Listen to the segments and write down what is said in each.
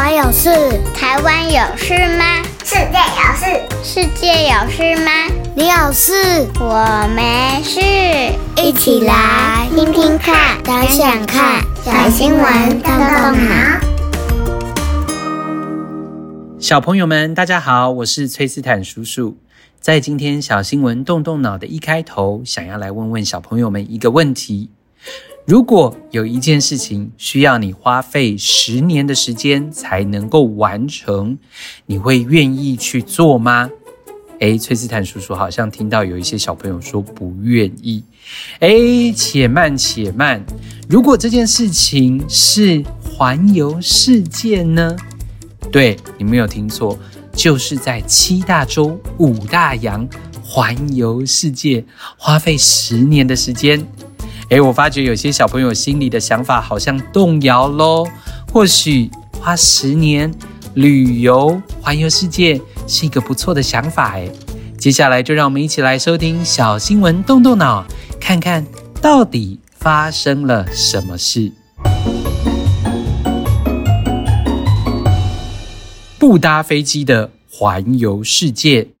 我有事，台灣有事嗎？世界有事，世界有事嗎？你有事，我沒事。一起來聽聽看，想想看，小新聞動動腦。小朋友們，大家好，我是崔斯坦叔叔。在今天小新聞動動腦的一開頭，想要來問問小朋友們一個問題。如果有一件事情需要你花費十年的時間才能夠完成，你會願意去做嗎？誒、欸，崔斯坦叔叔好像聽到有一些小朋友說不願意。誒、欸，且慢且慢，如果這件事情是環遊世界呢？對，你沒有聽錯，就是在七大洲五大洋環遊世界，花費十年的時間。欸，我發覺有些小朋友心裡的想法好像動搖嘍。或許花十年旅遊環遊世界是一個不錯的想法。哎，接下來就讓我們一起來收聽小新聞，動動腦，看看到底發生了什麼事。不搭飛機的環遊世界。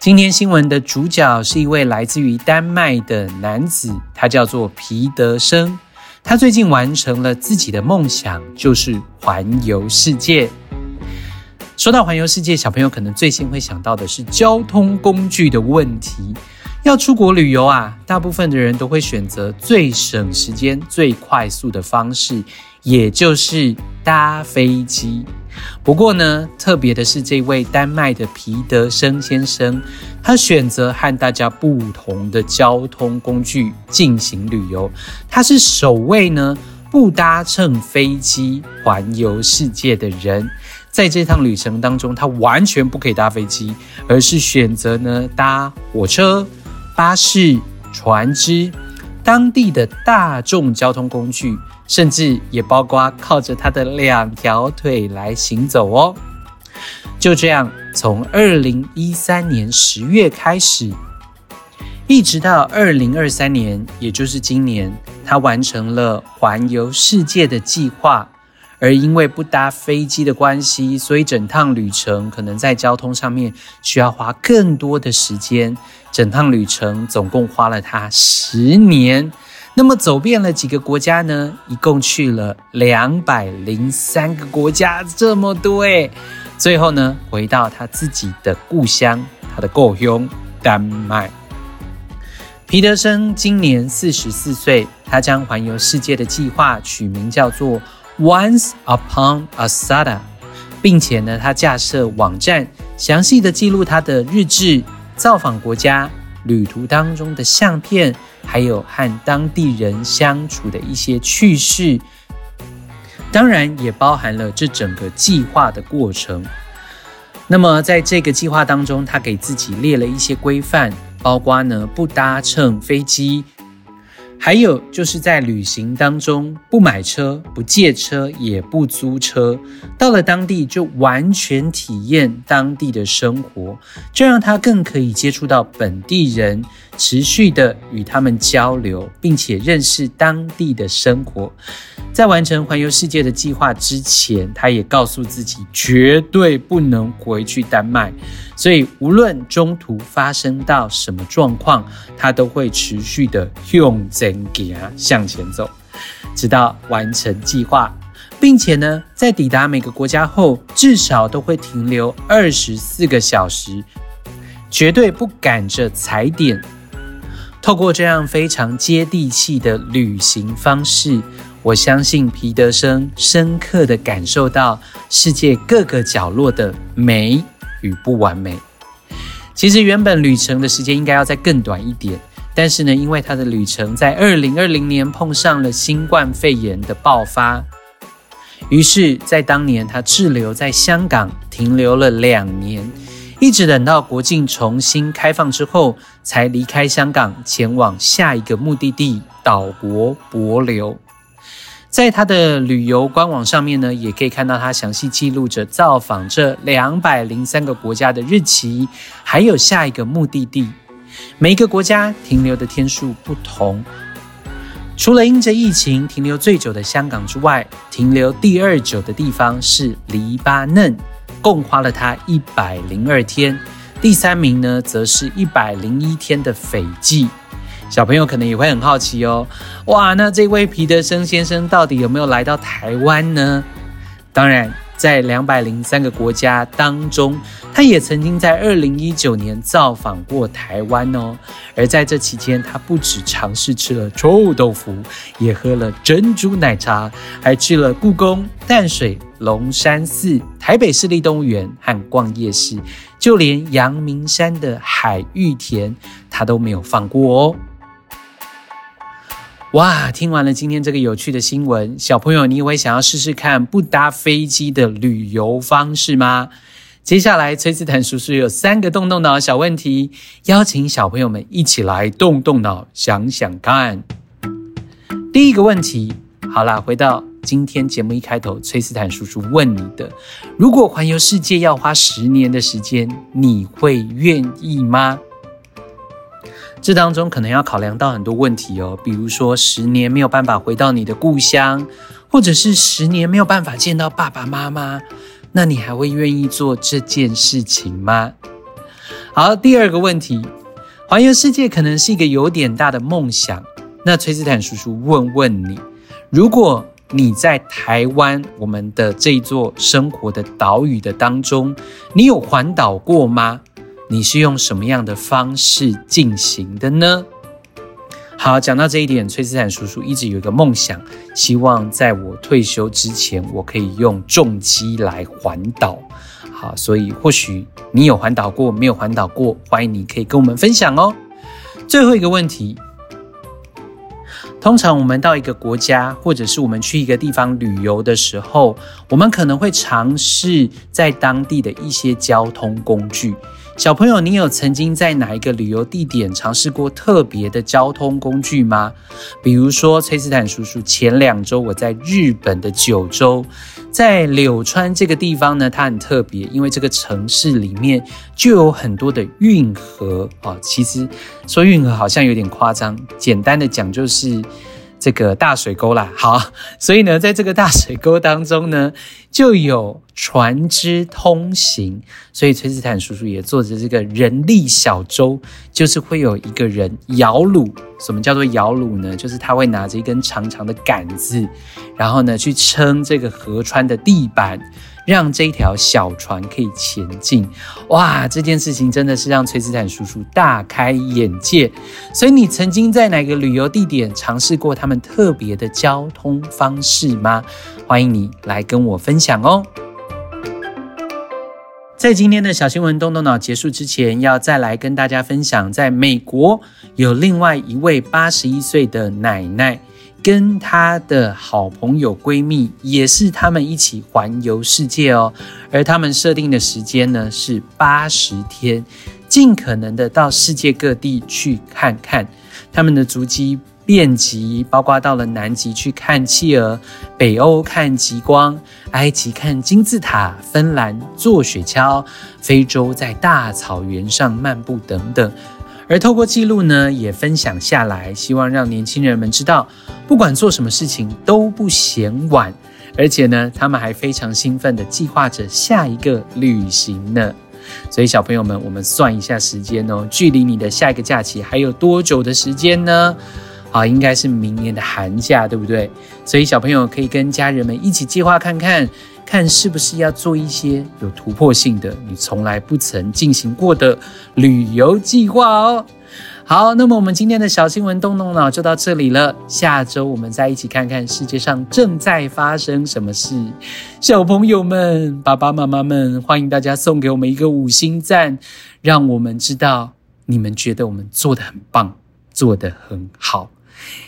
今天新聞的主角是一位來自於丹麥的男子，他叫做皮德森。他最近完成了自己的夢想，就是環遊世界。說到環遊世界，小朋友可能最先會想到的是交通工具的問題。要出國旅遊啊，大部分的人都會選擇最省時間、最快速的方式，也就是搭飛機。不過呢，特別的是這位丹麥的皮德生先生，他選擇和大家不同的交通工具進行旅遊。他是首位呢，不搭乘飛機環遊世界的人。在這趟旅程當中，他完全不可以搭飛機，而是選擇呢，搭火車、巴士、船隻、當地的大眾交通工具。甚至也包括靠着他的兩條腿來行走哦。就這樣，從二零一三年十月開始，一直到二零二三年，也就是今年，他完成了環遊世界的計劃。而因為不搭飛機的關係，所以整趟旅程可能在交通上面需要花更多的時間。整趟旅程總共花了他十年。那麼走遍了幾個國家呢？一共去了兩百零三個國家，這麼多誒，最後呢，回到他自己的故鄉，他的故鄉丹麥。皮德森今年四十四歲，他將環遊世界的計劃取名叫做《Once Upon a Saga》，並且呢，他架設網站，詳細的記錄他的日志，造訪國家。旅途當中的相片，還有和當地人相處的一些趣事，當然也包含了這整個計劃的過程。那麼在這個計劃當中，他給自己列了一些規範，包括呢，不搭乘飛機。還有就是在旅行當中不買車、不借車、也不租車，到了當地就完全體驗當地的生活，這讓他更可以接觸到本地人，持續的與他們交流，並且認識當地的生活。在完成環遊世界的計劃之前，他也告訴自己絕對不能回去丹麥。所以，無論中途發生到什麼狀況，他都會持續的用針腳向前走，直到完成計劃。並且呢，在抵達每個國家後，至少都會停留二十四個小時，絕對不趕着踩點。透過這樣非常接地氣的旅行方式，我相信皮德生深刻地感受到世界各個角落的美與不完美。其實原本旅程的時間應該要再更短一點，但是呢，因為他的旅程在2020年碰上了新冠肺炎的爆發，於是，在當年他滯留在香港停留了兩年。一直等到國境重新開放之後，才離開香港，前往下一個目的地島國帛琉。在他的旅遊官網上面呢，也可以看到他詳細記錄着造訪這兩百零三個國家的日期，還有下一個目的地。每一個國家停留的天數不同，除了因着疫情停留最久的香港之外，停留第二久的地方是黎巴嫩。共花了他一百零二天，第三名呢，則是一百零一天的斐濟。小朋友可能也會很好奇哦，哇，那這位皮德森先生到底有沒有來到台灣呢？當然。在兩百零三個國家當中，他也曾經在二零一九年造訪過台灣哦。而在這期間，他不只嘗試吃了臭豆腐，也喝了珍珠奶茶，還去了故宮、淡水、龍山寺、台北市立動物園和逛夜市，就連陽明山的海芋田，他都沒有放過哦。哇，聽完了今天這個有趣的新聞，小朋友，你也會想要試試看不搭飛機的旅遊方式嗎？接下來，崔斯坦叔叔有三個動動腦小問題，邀請小朋友們一起來動動腦，想想看。第一個問題，好啦，回到今天節目一開頭，崔斯坦叔叔問你的：如果環遊世界要花十年的時間，你會願意嗎？這當中可能要考量到很多問題哦，比如說十年沒有辦法回到你的故鄉，或者是十年沒有辦法見到爸爸媽媽，那你還會願意做這件事情嗎？好，第二個問題，環遊世界可能是一個有點大的夢想。那崔斯坦叔叔問問你，如果你在台灣，我們的這座生活的島嶼的當中，你有環島過嗎？你是用什麼樣的方式進行的呢？好，講到這一點，崔斯坦叔叔一直有一個夢想，希望在我退休之前，我可以用重機來環島。好，所以或許你有環島過，沒有環島過，歡迎你可以跟我們分享哦。最後一個問題，通常我們到一個國家，或者是我們去一個地方旅遊的時候，我們可能會嘗試在當地的一些交通工具。小朋友，你有曾經在哪一個旅遊地點嘗試過特別的交通工具嗎？比如說，崔斯坦叔叔前兩周我在日本的九州，在柳川這個地方呢，它很特別，因為這個城市裡面就有很多的運河哦。其實說運河好像有點誇張，簡單的講就是這個大水溝啦。好，所以呢，在這個大水溝當中呢。就有船隻通行，所以崔斯坦叔叔也坐着這個人力小舟，就是會有一個人搖櫓。什麼叫做搖櫓呢？就是他會拿着一根長長的杆子，然後呢去撐這個河川的地板，讓這條小船可以前進。哇，這件事情真的是讓崔斯坦叔叔大開眼界。所以你曾經在哪個旅遊地點嘗試過他們特別的交通方式嗎？歡迎你來跟我分享哦！在今天的小新聞動動腦結束之前，要再來跟大家分享，在美國有另外一位八十一歲的奶奶，跟她的好朋友閨蜜，也是她們一起環遊世界哦。而她們設定的時間呢是八十天，盡可能的到世界各地去看看她們的足跡。遍及，包括到了南極去看企鵝，北歐看極光，埃及看金字塔，芬蘭坐雪橇，非洲在大草原上漫步等等。而透過記錄呢，也分享下來，希望讓年輕人們知道，不管做什麼事情都不嫌晚。而且呢，他們還非常興奮地計劃着下一個旅行呢。所以小朋友們，我們算一下時間哦，距離你的下一個假期還有多久的時間呢？好，應該是明年的寒假，對不對？所以小朋友可以跟家人們一起計劃看看，看是不是要做一些有突破性的、你從來不曾進行過的旅游計劃哦。好，那麼我們今天的小新聞、動動腦就到這裡了。下周我們再一起看看世界上正在發生什麼事。小朋友們、爸爸媽媽們，歡迎大家送給我們一個五星讚，讓我們知道你們覺得我們做得很棒，做得很好。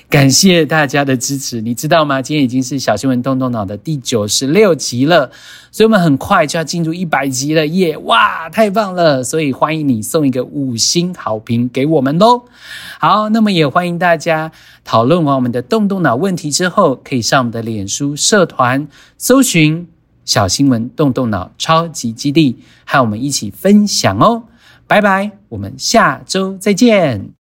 感謝大家的支持，你知道嗎？今天已經是小新聞動動腦的第九十六集了，所以我們很快就要進入一百集了耶！哇，太棒了！所以歡迎你送一個五星好評給我們咯。好，那麼也歡迎大家討論完我們的動動腦問題之後，可以上我們的臉書社團搜尋“小新聞動動腦超級基地”，和我們一起分享哦。拜拜，我們下周再見。